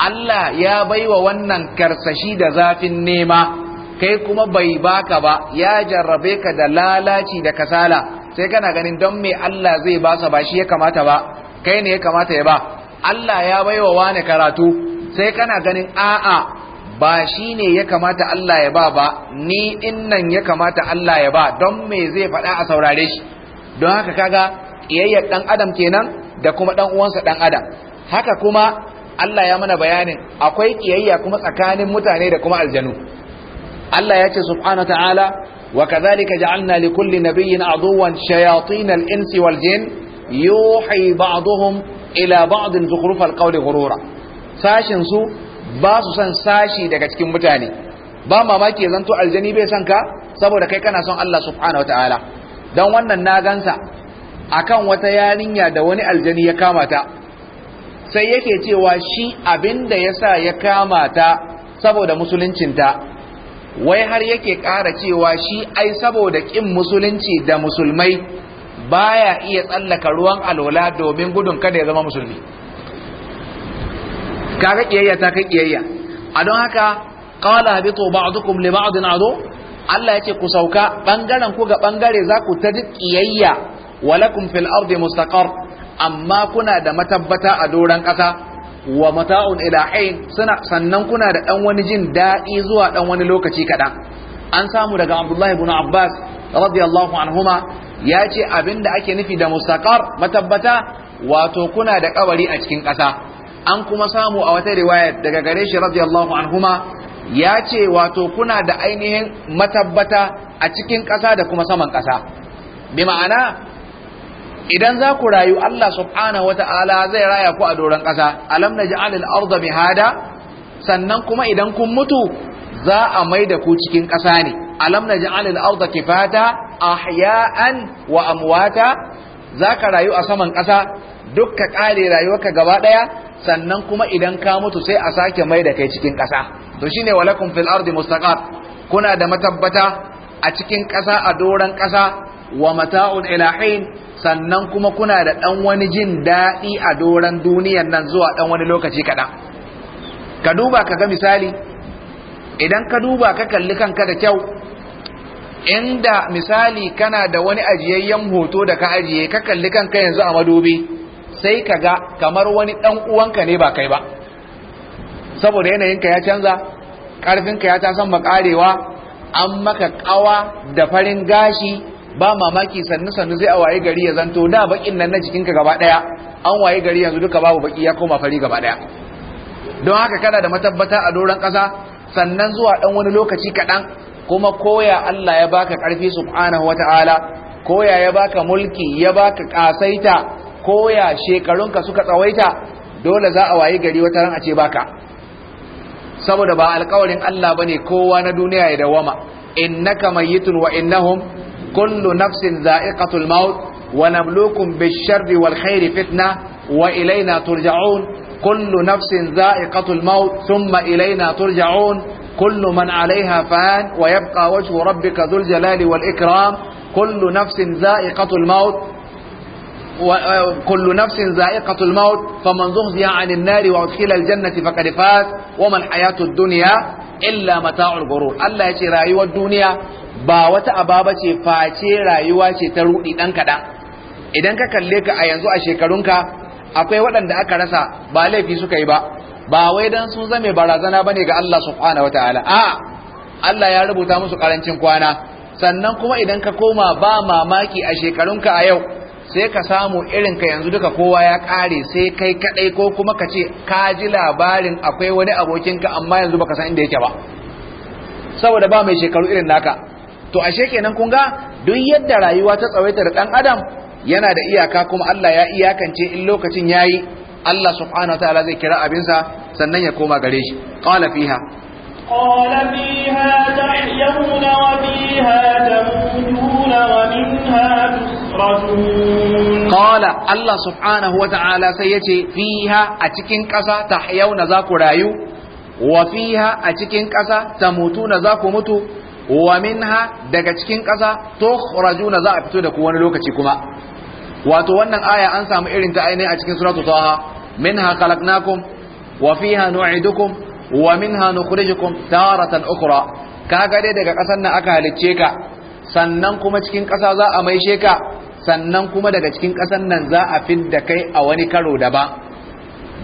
Allah ya baiwa wannan karsashi da zafin nema kai kuma bai baka ba ya jarrabe ka da lalaci da kasala sai kana ganin don me Allah zai ba sa ba shi ya kamata ba kai ne ya kamata ya ba Allah ya baiwa wani karatu sai kana ganin a'a ba shi ne ya kamata Allah ya ba ba ni innan ya kamata Allah ya ba don me zai faɗa a saurare shi don haka kaga kiyayyar ɗan adam kenan da kuma ɗan uwansa ɗan adam haka kuma Allah ya mana bayanin akwai kiyayya kuma tsakanin mutane da kuma aljanu Allah ya ce subhanahu ta'ala wa kadhalika ja'alna li kulli nabiyyin aduwan shayatin al-insi wal jin yuhi ba'dhum ila ba'd zukhruf al-qawli ghurura sashin su ba su san sashi daga cikin mutane ba mamaki zanto aljani bai san ka saboda kai kana son Allah subhanahu ta'ala dan wannan na gansa akan wata yarinya da wani aljani ya kamata. sai yake cewa shi abinda yasa ya kamata saboda musuluncinta wai har yake ƙara cewa shi ai saboda ƙin musulunci da musulmai baya iya tsallaka ruwan alwala domin gudun kada ya zama musulmi kaga kiyayya ta kai kiyayya a don haka qala habitu ba'dukum li ba'din adu Allah yace ku sauka bangaren ku ga bangare za ku ta kiyayya walakum fil ardi mustaqar amma kuna da matabbata a doran kasa wa mata'un ila suna sannan kuna da dan wani jin daɗi zuwa dan wani lokaci kaɗan an samu daga abdullahi ibn abbas radiyallahu anhuma yace ce abinda ake nufi da mustaqar matabbata wato kuna da kabari a cikin ƙasa an kuma samu a wata riwaya daga gare shi radiyallahu anhuma ya ce wato kuna da ainihin matabbata a cikin ƙasa da kuma saman ƙasa bi ma'ana idan za ku rayu Allah subhanahu wata'ala zai raya ku a doron ƙasa alam naj'al al-ardha mihada sannan kuma idan kun mutu za a da ku cikin ƙasa ne alam naj'al al fata, kifata ahya'an wa amwata ka rayu a saman ƙasa duk ka ƙare rayuwarka gaba ɗaya sannan kuma idan ka mutu sai a sake mai da kai cikin ƙasa to shine walakum fil ardi mustaqar kuna da matabbata a cikin ƙasa a doron ƙasa wa mata'un ilahin sannan kuma kuna da ɗan wani jin daɗi a doron duniyan nan zuwa ɗan wani lokaci kaɗan ka duba ka ga misali idan ka duba ka kalli kanka da kyau inda misali kana da wani ajiyayyen hoto da ka ajiye ka kalli kanka yanzu a madubi sai ka ga kamar wani ɗan uwanka ne ba kai ba saboda yanayinka ya canza ƙarfinka ya ta san makarewa an maka ƙawa da farin gashi ba mamaki sannu sannu zai a waye gari ya zanto da bakin nan na jikinka gaba daya an waye gari yanzu duka babu baki ya koma fari gaba daya don haka kana da matabbata a doran kasa sannan zuwa dan wani lokaci kadan kuma koya Allah ya baka karfi subhanahu wataala koya ya baka mulki ya baka kasaita koya shekarunka suka tsawaita dole za a waye gari wata ran a ce baka saboda ba alƙawarin Allah bane kowa na duniya ya dawama innaka mayyitun wa innahum كل نفس ذائقة الموت ونبلوكم بالشر والخير فتنة وإلينا ترجعون كل نفس ذائقة الموت ثم إلينا ترجعون كل من عليها فان ويبقى وجه ربك ذو الجلال والإكرام كل نفس ذائقة الموت وكل نفس ذائقة الموت فمن زحزح عن النار وأدخل الجنة فقد فاز وما الحياة الدنيا إلا متاع الغرور الله يشي أيها الدنيا ba wata ababa ce face rayuwa ce ta rudi dan kaɗan idan ka kalle ka a yanzu a shekarunka akwai waɗanda aka rasa ba laifi suka yi ba ba wai dan su zame barazana ne ga Allah subhanahu wataala a Allah ya rubuta musu karancin kwana sannan kuma idan ka koma ba mamaki a shekarunka a yau sai ka samu irin ka yanzu duka kowa ya kare sai kai kadai ko kuma ka ce ka ji labarin akwai wani abokinka amma yanzu baka san inda yake ba saboda ba mai shekaru irin naka to ashe kenan kun ga duk yadda rayuwa ta da dan adam yana da iyaka kuma Allah ya iyakance in lokacin yayi Allah subhanahu wataala zai kira abinsa sannan ya koma gare shi qala fiha qala fiha tahyawna wa fiha tamutuna wa minha tusrafun qala Allah subhanahu wataala sai yace fiha a cikin ƙasa tahyawna za ku rayu wa fiha a cikin ƙasa tamutuna za ku mutu wa minha daga cikin ƙasa rajuna za a fito da ku wani lokaci kuma wato wannan aya an samu irin ta ainihi a cikin suratul taha minha khalaqnakum wa fiha nu'idukum wa minha nukhrijukum taratan ukhra kaga dai daga ƙasar nan aka halicce ka sannan kuma cikin ƙasa za a maishe ka sannan kuma daga cikin ƙasar nan za a fidda kai a wani karo daban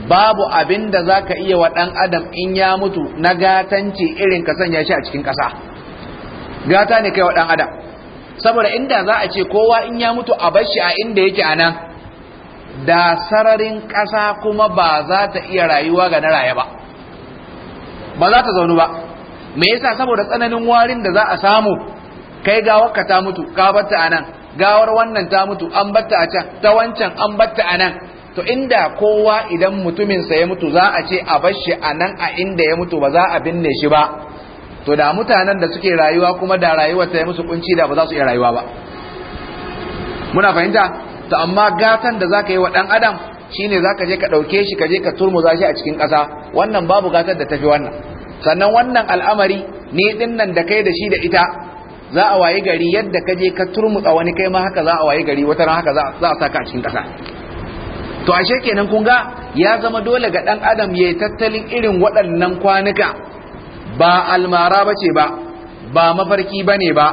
babu abin da za ka iya wa ɗan adam in ya mutu na gatanci irin ka sanya shi a cikin ƙasa gata ne kai wa dan adam saboda inda za a ce kowa in ya mutu a bashi a inda yake anan da sararin ƙasa kuma ba za ta iya rayuwa ga na raye ba ba za ta zaunu ba me yasa saboda tsananin warin da za a samu kai gawar ka ta mutu ka batta anan gawar wannan ta mutu an batta a can ta wancan an batta anan to inda kowa idan mutuminsa ya mutu za a ce a bashi anan a inda ya mutu ba za a binne shi ba to da mutanen da suke rayuwa kuma da rayuwar ta yi musu kunci da ba za su iya rayuwa ba muna fahimta ta amma gatan da zaka yi wa dan adam shine zaka je ka ɗauke shi ka je ka za shi a cikin ƙasa wannan babu gatar da tafi wannan sannan wannan al'amari ne dinnan da kai da shi da ita za a wayi gari yadda ka je ka wani kai ma haka za a wayi gari wata ran haka za a saka a cikin ƙasa to ashe kenan kun ga ya zama dole ga ɗan adam yayi tattalin irin waɗannan kwanuka ba almara ba ce ba ba mafarki bane ba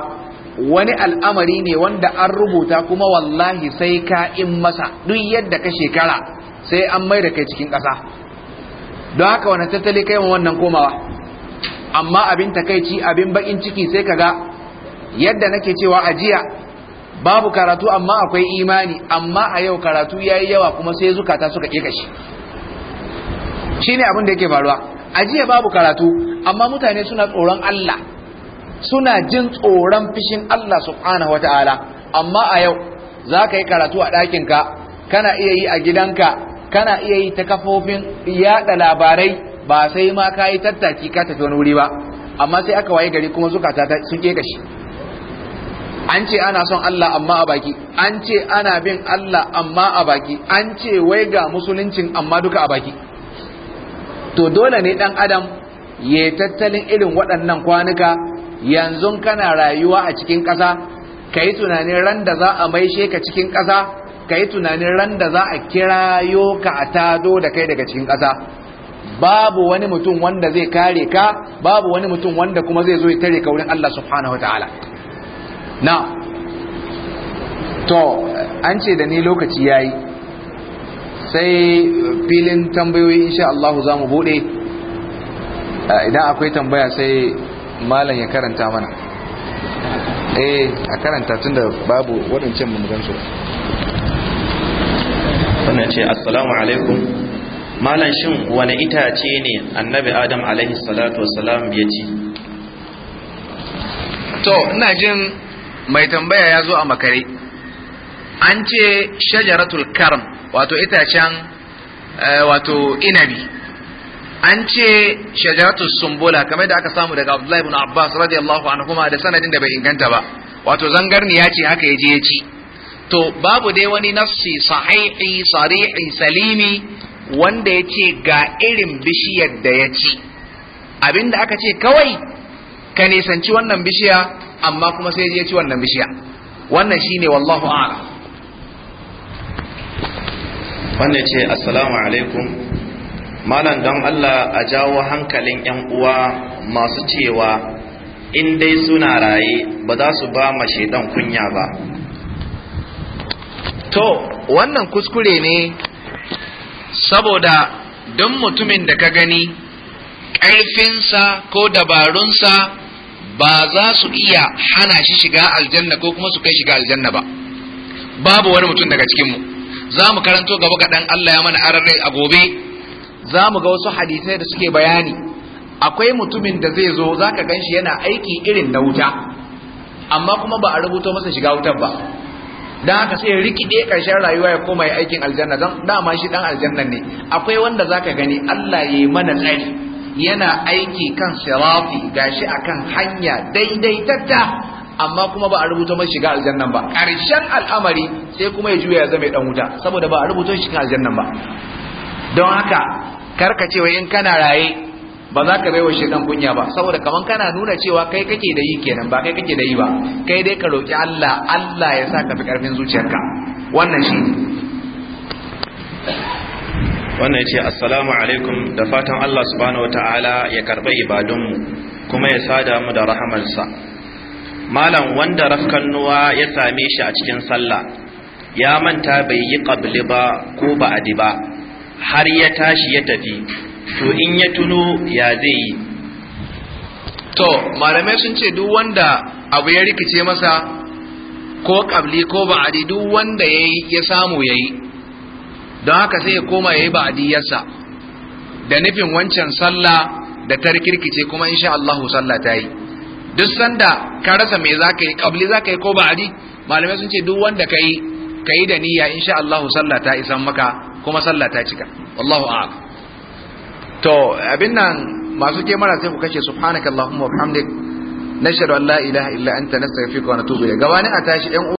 wani al'amari ne wanda an rubuta kuma wallahi sai ka in masa duk yadda ka shekara sai an mai da kai cikin ƙasa don haka wani tattali kai wannan komawa amma abin takaici abin bakin ciki sai ka ga yadda nake cewa ajiya babu karatu amma akwai imani amma a yau karatu ya yi yawa kuma sai zukata suka ƙeƙashi shi ne abin da yake faruwa ajiya babu karatu amma mutane suna tsoron Allah suna jin tsoron fishin Allah subhanahu wataala amma a yau za ka yi karatu a ɗakinka kana iya yi a gidanka kana iya yi ta kafofin yaɗa labarai ba sai ma ka yi tattaki ka tafi wani wuri ba amma sai aka waye gari kuma zukata sun ƙeƙashi an ce ana son Allah amma a baki an ce ana bin Allah amma a baki an ce wai ga musuluncin amma duka a baki to dole ne dan adam ya tattalin irin waɗannan kwanuka yanzu kana rayuwa a cikin ƙasa ka yi tunanin ran da za a maishe ka cikin ƙasa ka yi tunanin ran da za a kirayo ka a tado da kai daga cikin ƙasa babu wani mutum wanda zai kare ka babu wani mutum wanda kuma zai zo ya tare ka wurin Allah subhanahu wataala na to an ce da ni lokaci yayi sai filin tambayoyi insha Allah za mu bude idan akwai tambaya sai malam ya karanta mana eh a karanta tun da babu waɗancan gan su wannan ce assalamu alaikum malam shin wani itace ne annabi adam alaihi salatu wassalam ya ci to ina jin mai tambaya ya zo a makare an ce shajaratul karm wato itacen eh, wato inabi an ce shajaratul sumbula kamar da aka samu daga Abdullahi ibn Abbas radiyallahu anhu da sanadin da bai inganta ba wato zangarni ya ce haka yaje ya ci to babu dai wani nassi sahihi sarihi salimi wanda ya ce ga irin bishiyar da ya ci abinda aka ce kawai ka nisanci wannan bishiya amma kuma sai ya ci wannan bishiya wannan shine wallahu a'lam wanda ce assalamu alaikum malam don Allah a jawo hankalin 'yan uwa masu cewa in dai suna raye ba za su ba ma shaidan kunya ba to wannan kuskure ne saboda don mutumin da ka gani ƙarfinsa ko dabarunsa ba za su iya hana shi shiga aljanna ko kuma su kai shiga aljanna ba babu wani mutum daga cikinmu za mu karanto gaba kaɗan Allah ya mana ararai a gobe za mu ga wasu hadisai da suke bayani akwai mutumin da zai zo za ka gan yana aiki irin na wuta amma kuma ba a rubuto masa shiga wutar ba Dan haka sai rikide karshen rayuwa ya koma aikin aljanna don dama shi dan aljanna ne akwai wanda za ka gani Allah ya yi mana tsari yana aiki kan sirafi gashi akan hanya daidaitatta amma kuma ba a rubuta mai shiga aljannan ba ƙarshen al'amari sai kuma ya juya ya zama dan wuta saboda ba a rubuta shiga aljannan ba don haka karka cewa in kana raye ba za ka baiwa shedan kunya ba saboda kaman kana nuna cewa kai kake da yi kenan ba kai kake da yi ba kai dai ka roki Allah Allah ya sa ka fi karfin zuciyarka wannan shi wannan yace assalamu alaikum da fatan Allah subhanahu wataala ya karbi ibadunmu kuma ya sada mu da rahamarsa malam wanda raskannuwa ya same shi a cikin sallah ya manta bai yi qabli ba ko ba adi ba har ya tashi ya tafi to in ya tuno ya zai yi to malamai sun ce duk wanda abu ya rikice masa ko qabli ko ba adi duk wanda yayi ya samu yayi don haka sai ya koma yayi ba adiyarsa da nufin wancan sallah da ta rikirkice kuma insha Allahu sallah ta yi duk sanda ka rasa me za ka yi ƙabli za ka yi ko ba'adi malamai sun ce duk wanda ka yi ka yi da niyya insha Allah sallah ta isan maka kuma sallah ta cika wallahu a'lam to abin nan masu ke mara sai ku kace subhanakallahumma wa bihamdik nashhadu an la ilaha illa anta nastaghfiruka wa natubu ilayk gabanin a tashi